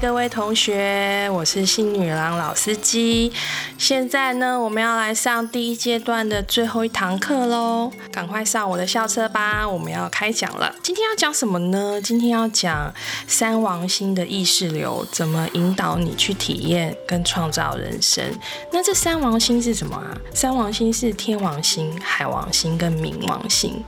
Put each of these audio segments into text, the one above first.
各位同學，我是星女郎老司機。現在呢，我們要來上第一階段的最後一堂課嘍！趕快上我的校車吧，我們要開講了。今天要講什麼呢？今天要講三王星的意識流，怎麼引導你去體驗跟創造人生？那這三王星是什麼啊？三王星是天王星、海王星跟冥王星，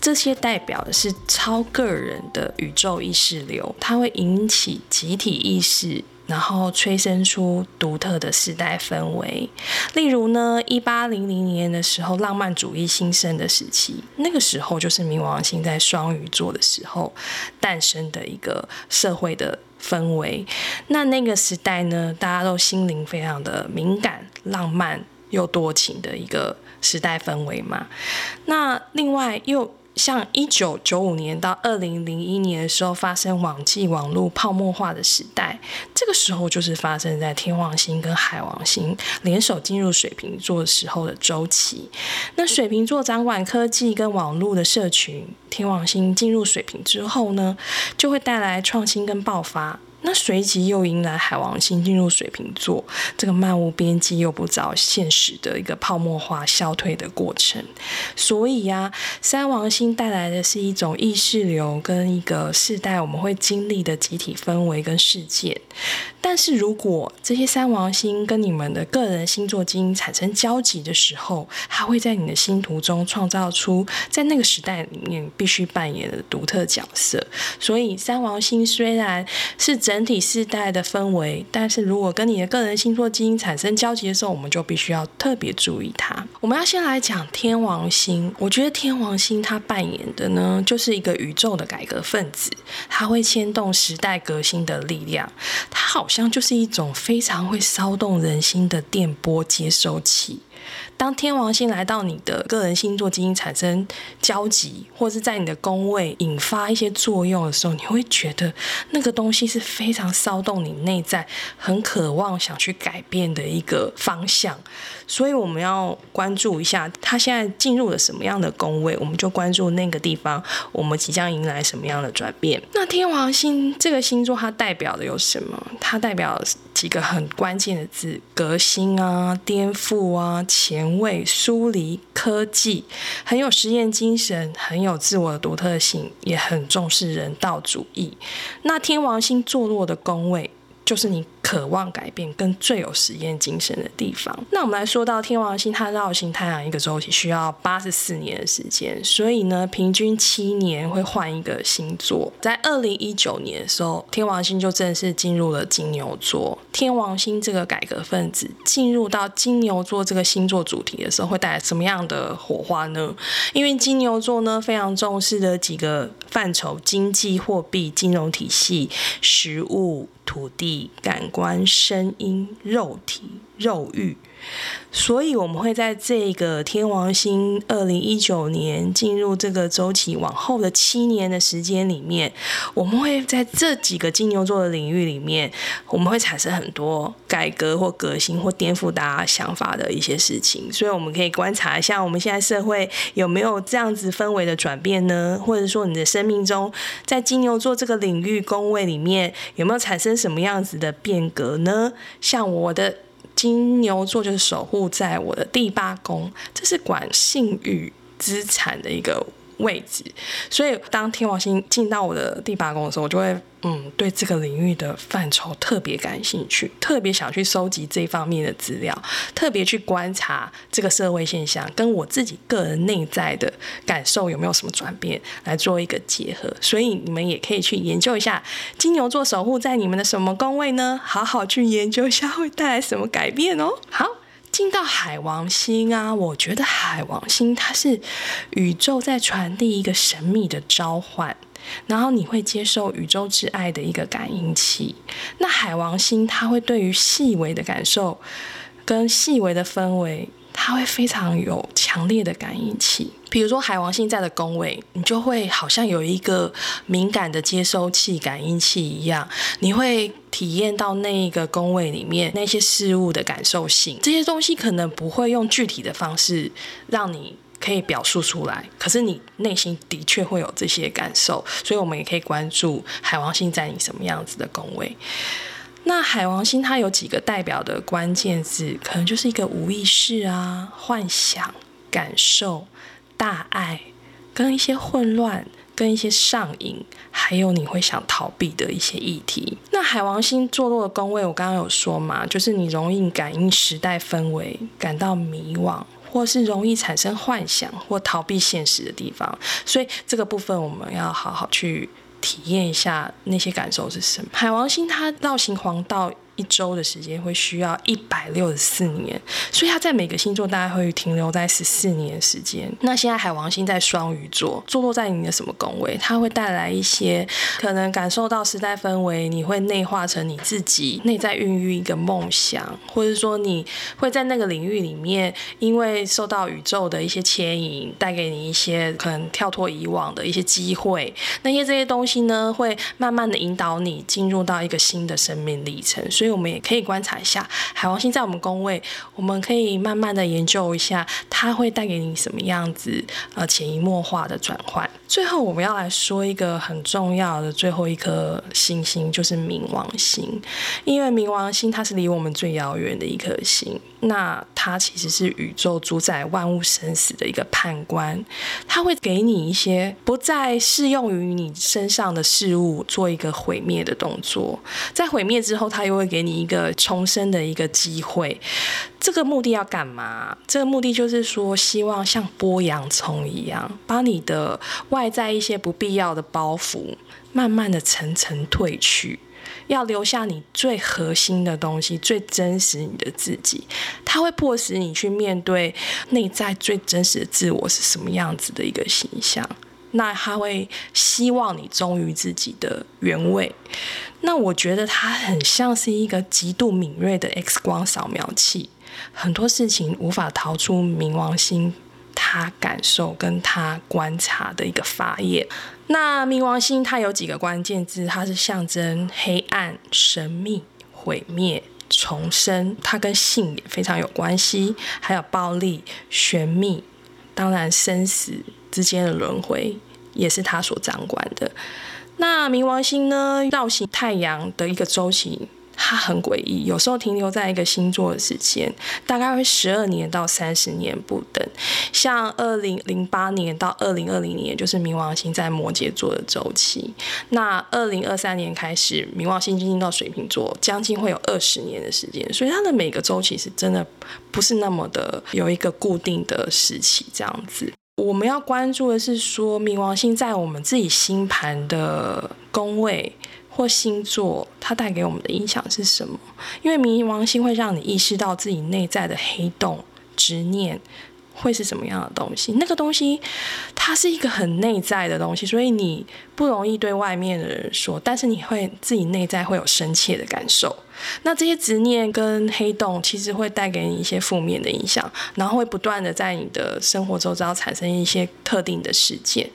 這些代表的是超個人的宇宙意識流，它會引起集體意識。然後催生出獨特的世代氛圍，例如呢，一八零零年的時候，浪漫主義新生的時期，那個時候就是冥王星在雙魚座的時候誕生的一個社會的氛圍。那那個時代呢，大家都心靈非常的敏感、浪漫又多情的一個時代氛圍嘛。那另外又，像一九九五年到二零零一年的時候，發生網際網絡泡沫化的時代，這個時候就是發生在天王星跟海王星聯手進入水瓶座時候的周期。那水瓶座掌管科技跟網絡的社群，天王星進入水瓶之後呢，就會帶來創新跟爆發。那隨即又迎來海王星進入水瓶座，這個漫無邊際又不着現實的一個泡沫化消退的過程。所以啊，三王星帶來的是一種意識流跟一個世代我們會經歷的集體氛圍跟事件。但是如果這些三王星跟你們的個人星座基因產生交集的時候，它會在你的星圖中創造出在那個時代裡面必須扮演的獨特角色。所以三王星雖然是整體世代的氛圍，但是如果跟你的個人星座基因產生交集的時候，我們就必須要特別注意它。我們要先來講天王星，我覺得天王星它扮演的呢，就是一個宇宙的改革分子，它會牽動時代革新的力量，它好像就是一種非常會騷動人心的電波接收器。當天王星來到你的個人星座，基因產生交集，或是在你的宮位引發一些作用的時候，你會覺得那個東西是非常騷動你內在，很渴望想去改變的一個方向。所以我們要關注一下，它現在進入了什麼樣的宮位，我們就關注那個地方，我們即將迎來什麼樣的轉變。那天王星這個星座它代表的有什麼？它代表幾個很關鍵的字：革新啊，顛覆啊。前衛、疏離、科技，很有實驗精神，很有自我的獨特性，也很重視人道主義。那天王星坐落的宮位，就是你。渴望改變跟最有實驗精神的地方。那我們來說到天王星，它繞行太陽一個週期需要八十四年的時間，所以呢，平均七年會換一個星座。在二零一九年的時候，天王星就正式進入了金牛座。天王星這個改革分子進入到金牛座這個星座主題的時候，會帶來什麼樣的火花呢？因為金牛座呢，非常重視的幾個範疇：經濟、貨幣、金融體系、食物、土地、干。關聲音，肉體。肉慾，所以我們會在這個天王星二零一九年進入這個周期往後的七年的時間裡面，我們會在這幾個金牛座的領域裡面，我們會產生很多改革或革新或顛覆大家想法的一些事情。所以我們可以觀察一下，我們現在社會有沒有這樣子氛圍的轉變呢？或者說你的生命中，在金牛座這個領域宮位裡面有沒有產生什麼樣子的變革呢？像我的。金牛座就是守護在我的第八宮，這是管信譽資產的一個。位置，所以當天王星進到我的第八宮的時候，我就會嗯，對這個領域的範疇特別感興趣，特別想去收集這方面的資料，特別去觀察這個社會現象跟我自己個人內在的感受有沒有什麼轉變，來做一個結合。所以你們也可以去研究一下金牛座守護在你們的什麼宮位呢？好好去研究一下，會帶來什麼改變哦。好。進到海王星啊，我覺得海王星它是宇宙在傳遞一個神秘的召喚，然後你會接受宇宙之愛的一個感應器。那海王星它會對於細微的感受跟細微的氛圍。它會非常有強烈的感應器，比如說海王星在的宮位，你就會好像有一個敏感的接收器、感應器一樣，你會體驗到那一個宮位裡面那些事物的感受性。這些東西可能不會用具體的方式讓你可以表述出來，可是你內心的確會有這些感受，所以我們也可以關注海王星在你什麼樣子的宮位。那海王星它有幾個代表的關鍵字，可能就是一個無意識啊、幻想、感受、大愛，跟一些混亂、跟一些上癮，還有你會想逃避的一些議題。那海王星坐落的宮位，我剛剛有說嘛，就是你容易感應時代氛圍，感到迷惘，或是容易產生幻想，或逃避現實的地方。所以這個部分我們要好好去。體驗一下那些感受是什麼？海王星它繞行黃道一周的時間會需要一百六十四年，所以它在每個星座大概會停留在十四年時間。那現在海王星在雙魚座，坐落在你的什麼宮位？它會帶來一些可能感受到時代氛圍，你會內化成你自己內在孕育一個夢想，或者說你會在那個領域裡面，因為受到宇宙的一些牽引，帶給你一些可能跳脫以往的一些機會。那些這些東西呢，會慢慢的引導你進入到一個新的生命歷程。所以我們也可以觀察一下海王星在我們宮位，我們可以慢慢的研究一下，它會帶給你什麼樣子，呃，潛移默化的轉換。最後我們要來說一個很重要的最後一顆星星，就是冥王星，因為冥王星它是離我們最遙遠的一顆星，那它其實是宇宙主宰萬物生死的一個判官，它會給你一些不再適用於你身上的事物，做一個毀滅的動作，在毀滅之後，它又會。給你一個重生的一個機會，這個目的要幹嘛？這個目的就是說，希望像剝洋蔥一樣，把你的外在一些不必要的包袱，慢慢的層層褪去，要留下你最核心的東西，最真實你的自己。它會迫使你去面對內在最真實的自我是什麼樣子的一個形象。那他會希望你忠於自己的原位。那我覺得他很像是一個極度敏銳的 X 光掃描器，很多事情無法逃出冥王星他感受跟他觀察的一個法眼。那冥王星它有幾個關鍵字，它是象徵黑暗、神秘、毀滅、重生。它跟性也非常有關係，還有暴力、玄秘，當然生死之間的輪回。也是他所掌管的。那冥王星呢，繞行太陽的一個週期，它很詭異，有時候停留在一個星座的時間，大概會十二年到三十年不等。像二零零八年到二零二零年，就是冥王星在摩羯座的週期。那二零二三年開始，冥王星進行到水瓶座，將近會有二十年的時間。所以它的每個週期是真的不是那麼的有一個固定的時期這樣子。我們要關注的是說，說冥王星在我們自己星盤的宮位或星座，它帶給我們的影響是什麼？因為冥王星會讓你意識到自己內在的黑洞、執念會是什麼樣的東西，那個東西。它是一個很內在的東西，所以你不容易對外面的人說，但是你會自己內在會有深切的感受。那這些執念跟黑洞其實會帶給你一些負面的影響，然後會不斷的在你的生活周遭產生一些特定的事件，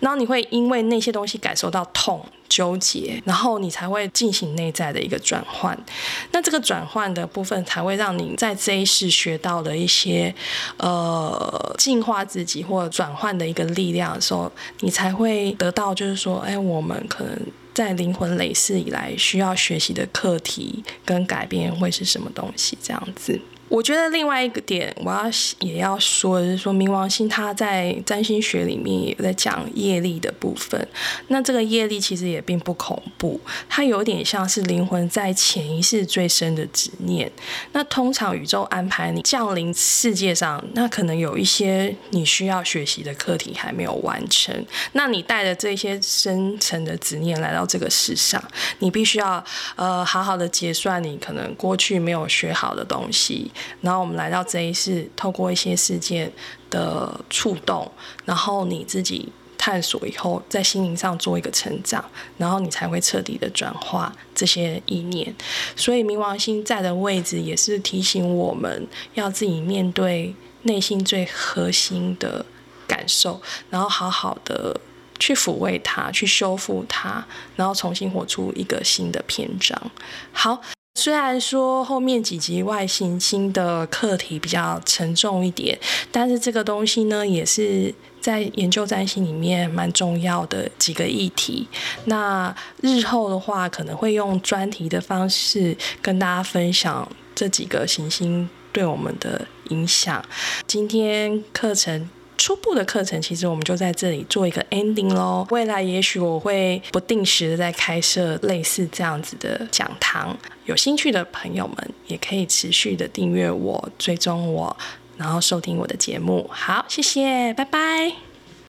然後你會因為那些東西感受到痛、糾結，然後你才會進行內在的一個轉換。那這個轉換的部分才會讓你在這一世學到的一些呃進化自己或轉換的一個。力量的時候，你才會得到，就是說，哎，我們可能在靈魂累世以來需要學習的課題跟改變會是什麼東西，這樣子。我覺得另外一個點，我要也要說，就是說冥王星它在占星學裡面也在講業力的部分。那這個業力其實也並不恐怖，它有點像是靈魂在前一世最深的執念。那通常宇宙安排你降臨世界上，那可能有一些你需要學習的課題還沒有完成。那你帶着這些深層的執念來到這個世上，你必須要呃好好的結算你可能過去沒有學好的東西。然後我們來到這一世，透過一些事件的觸動，然後你自己探索以後，在心靈上做一個成長，然後你才會徹底的轉化這些意念。所以冥王星在的位置也是提醒我們要自己面對內心最核心的感受，然後好好的去撫慰它，去修復它，然後重新活出一個新的篇章。好。雖然說後面幾集外行星的課題比較沉重一點，但是這個東西呢，也是在研究占星裡面蠻重要的幾個議題。那日後的話，可能會用專題的方式跟大家分享這幾個行星對我們的影響。今天課程。初步的課程，其實我們就在這裡做一個 ending 嘍。未來也許我會不定時的在開設類似這樣子的講堂，有興趣的朋友們也可以持續的訂閱我、追蹤我，然後收聽我的節目。好，謝謝，拜拜。